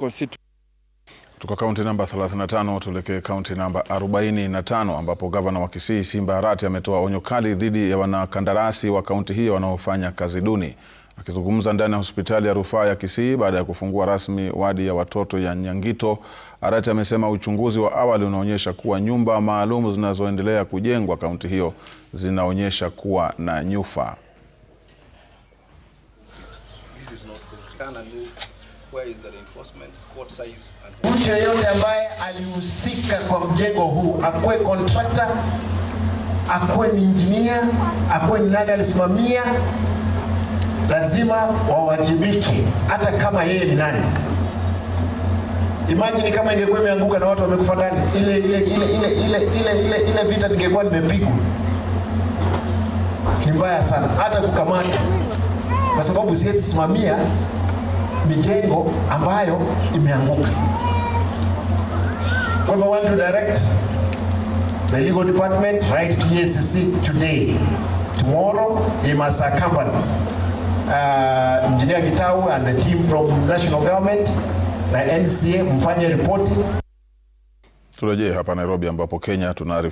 constituency. Kutoka kaunti namba 35 tuelekee kaunti namba 45 ambapo gavana wa Kisii Simba Arati ametoa onyo kali dhidi ya wanakandarasi wa kaunti hiyo wanaofanya kazi duni. Akizungumza ndani ya hospitali ya rufaa ya Kisii baada ya kufungua rasmi wadi ya watoto ya Nyangito, Arati amesema uchunguzi wa awali unaonyesha kuwa nyumba maalum zinazoendelea kujengwa kaunti hiyo zinaonyesha kuwa na nyufa. Mtu yeyote ambaye alihusika kwa mjengo huu, akuwe contractor, akuwe ni injinia, akuwe ni nani alisimamia, lazima wawajibike, hata kama yeye ni nani. Imagine kama ingekuwa imeanguka na watu wamekufa ndani, ile ile ile ile ile ile ile ile vita ningekuwa nimepigwa. Ni mbaya sana, hata kukamata, kwa sababu siwezi simamia mijengo ambayo imeanguka. Kwa hivyo want to direct the legal department write to EACC today. Tomorrow they must accompany uh, Engineer Gitau and the team from national government na NCA mfanye ripoti. Turejee hapa Nairobi ambapo Kenya tunaarifu